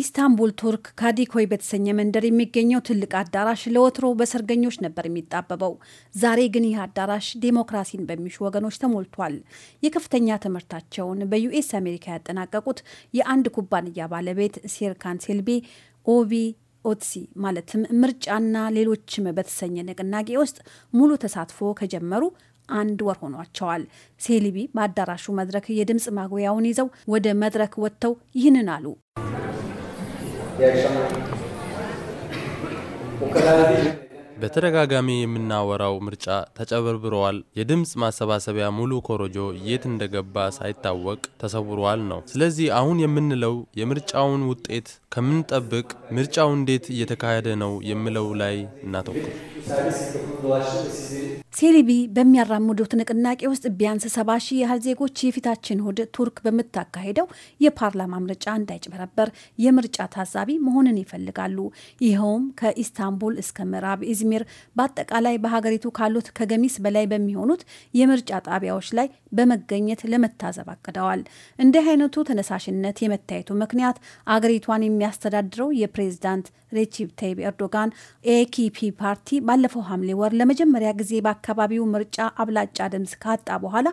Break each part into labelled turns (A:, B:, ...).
A: ኢስታንቡል ቱርክ ካዲኮይ በተሰኘ መንደር የሚገኘው ትልቅ አዳራሽ ለወትሮ በሰርገኞች ነበር የሚጣበበው። ዛሬ ግን ይህ አዳራሽ ዴሞክራሲን በሚሹ ወገኖች ተሞልቷል። የከፍተኛ ትምህርታቸውን በዩኤስ አሜሪካ ያጠናቀቁት የአንድ ኩባንያ ባለቤት ሴርካን ሴልቢ ኦቪ ኦትሲ ማለትም ምርጫና ሌሎችም በተሰኘ ንቅናቄ ውስጥ ሙሉ ተሳትፎ ከጀመሩ አንድ ወር ሆኗቸዋል። ሴልቢ በአዳራሹ መድረክ የድምፅ ማጉያውን ይዘው ወደ መድረክ ወጥተው ይህንን አሉ።
B: İyi akşamlar. O kadar değil. በተደጋጋሚ የምናወራው ምርጫ ተጨበርብረዋል፣ የድምፅ ማሰባሰቢያ ሙሉ ኮረጆ የት እንደገባ ሳይታወቅ ተሰውሯል ነው። ስለዚህ አሁን የምንለው የምርጫውን ውጤት ከምንጠብቅ ምርጫው እንዴት እየተካሄደ ነው የምለው ላይ እናተኩር።
A: ሴሊቢ በሚያራምዱት ንቅናቄ ውስጥ ቢያንስ ሰባ ሺህ ያህል ዜጎች የፊታችን እሁድ ቱርክ በምታካሄደው የፓርላማ ምርጫ እንዳይጭበረበር የምርጫ ታዛቢ መሆንን ይፈልጋሉ። ይኸውም ከኢስታንቡል እስከ ምዕራብ ኢዝሚ ጭምር በአጠቃላይ በሀገሪቱ ካሉት ከገሚስ በላይ በሚሆኑት የምርጫ ጣቢያዎች ላይ በመገኘት ለመታዘብ አቅደዋል። እንዲህ አይነቱ ተነሳሽነት የመታየቱ ምክንያት አገሪቷን የሚያስተዳድረው የፕሬዝዳንት ሬቺፕ ታይብ ኤርዶጋን ኤኪፒ ፓርቲ ባለፈው ሐምሌ ወር ለመጀመሪያ ጊዜ በአካባቢው ምርጫ አብላጫ ድምፅ ካጣ በኋላ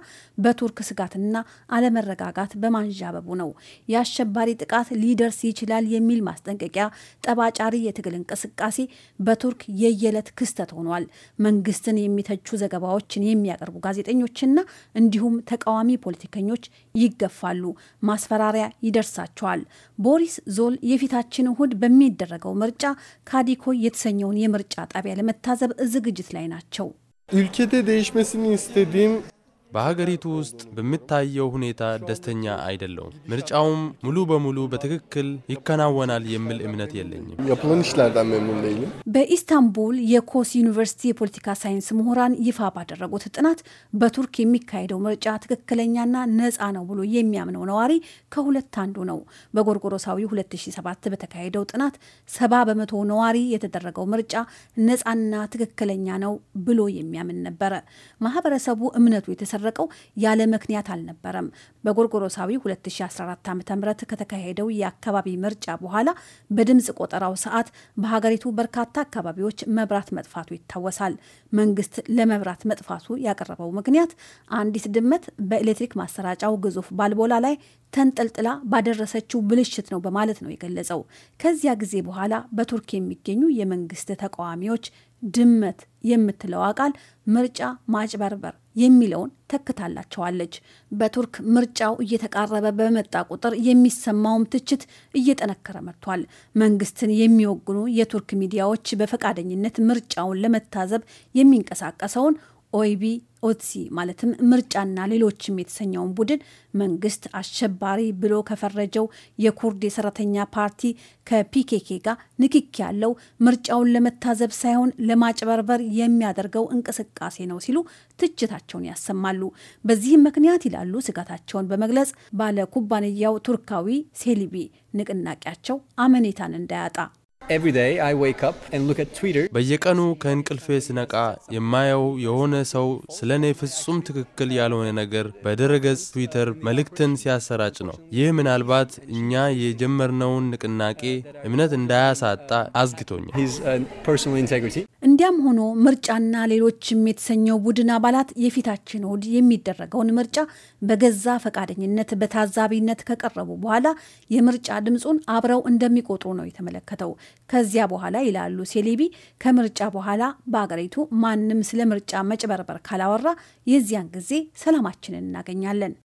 A: በቱርክ ስጋትና አለመረጋጋት በማንዣበቡ ነው። የአሸባሪ ጥቃት ሊደርስ ይችላል የሚል ማስጠንቀቂያ፣ ጠባጫሪ የትግል እንቅስቃሴ በቱርክ የየዕለት የዕለት ክስተት ሆኗል። መንግስትን የሚተቹ ዘገባዎችን የሚያቀርቡ ጋዜጠኞችና እንዲሁም ተቃዋሚ ፖለቲከኞች ይገፋሉ፣ ማስፈራሪያ ይደርሳቸዋል። ቦሪስ ዞል የፊታችን እሁድ በሚደረገው ምርጫ ካዲኮ የተሰኘውን የምርጫ ጣቢያ ለመታዘብ ዝግጅት ላይ ናቸው።
B: በሀገሪቱ ውስጥ በሚታየው ሁኔታ ደስተኛ አይደለውም። ምርጫውም ሙሉ በሙሉ በትክክል ይከናወናል የሚል እምነት የለኝም።
A: በኢስታንቡል የኮስ ዩኒቨርሲቲ የፖለቲካ ሳይንስ ምሁራን ይፋ ባደረጉት ጥናት በቱርክ የሚካሄደው ምርጫ ትክክለኛና ነፃ ነው ብሎ የሚያምነው ነዋሪ ከሁለት አንዱ ነው። በጎርጎሮሳዊ 2007 በተካሄደው ጥናት ሰባ በመቶ ነዋሪ የተደረገው ምርጫ ነፃና ትክክለኛ ነው ብሎ የሚያምን ነበረ። ማህበረሰቡ እምነቱ የተሰ የተሰረቀው ያለ ምክንያት አልነበረም። በጎርጎሮሳዊ 2014 ዓ ም ከተካሄደው የአካባቢ ምርጫ በኋላ በድምፅ ቆጠራው ሰዓት በሀገሪቱ በርካታ አካባቢዎች መብራት መጥፋቱ ይታወሳል። መንግስት ለመብራት መጥፋቱ ያቀረበው ምክንያት አንዲት ድመት በኤሌክትሪክ ማሰራጫው ግዙፍ ባልቦላ ላይ ተንጠልጥላ ባደረሰችው ብልሽት ነው በማለት ነው የገለጸው። ከዚያ ጊዜ በኋላ በቱርክ የሚገኙ የመንግስት ተቃዋሚዎች ድመት የምትለዋ ቃል ምርጫ ማጭበርበር የሚለውን ተክታላቸዋለች። በቱርክ ምርጫው እየተቃረበ በመጣ ቁጥር የሚሰማውም ትችት እየጠነከረ መጥቷል። መንግስትን የሚወግኑ የቱርክ ሚዲያዎች በፈቃደኝነት ምርጫውን ለመታዘብ የሚንቀሳቀሰውን ኦይቢ ኦትሲ ማለትም ምርጫና ሌሎችም የተሰኘውን ቡድን መንግስት አሸባሪ ብሎ ከፈረጀው የኩርድ የሰራተኛ ፓርቲ ከፒኬኬ ጋር ንክኪ ያለው ምርጫውን ለመታዘብ ሳይሆን ለማጭበርበር የሚያደርገው እንቅስቃሴ ነው ሲሉ ትችታቸውን ያሰማሉ። በዚህም ምክንያት ይላሉ ስጋታቸውን በመግለጽ ባለ ኩባንያው ቱርካዊ ሴሊቢ ንቅናቄያቸው አመኔታን እንዳያጣ
B: በየቀኑ ከእንቅልፌ ስነቃ የማየው የሆነ ሰው ስለ እኔ ፍጹም ትክክል ያልሆነ ነገር በድረገጽ ትዊተር መልእክትን ሲያሰራጭ ነው። ይህ ምናልባት እኛ የጀመርነውን ንቅናቄ እምነት እንዳያሳጣ አዝግቶኛል።
A: እንዲያም ሆኖ ምርጫና ሌሎችም የተሰኘው ቡድን አባላት የፊታችን እሁድ የሚደረገውን ምርጫ በገዛ ፈቃደኝነት በታዛቢነት ከቀረቡ በኋላ የምርጫ ድምፁን አብረው እንደሚቆጥሩ ነው የተመለከተው። ከዚያ በኋላ ይላሉ ሴሌቢ ከምርጫ በኋላ በአገሪቱ ማንም ስለ ምርጫ መጭበርበር ካላወራ የዚያን ጊዜ ሰላማችንን እናገኛለን።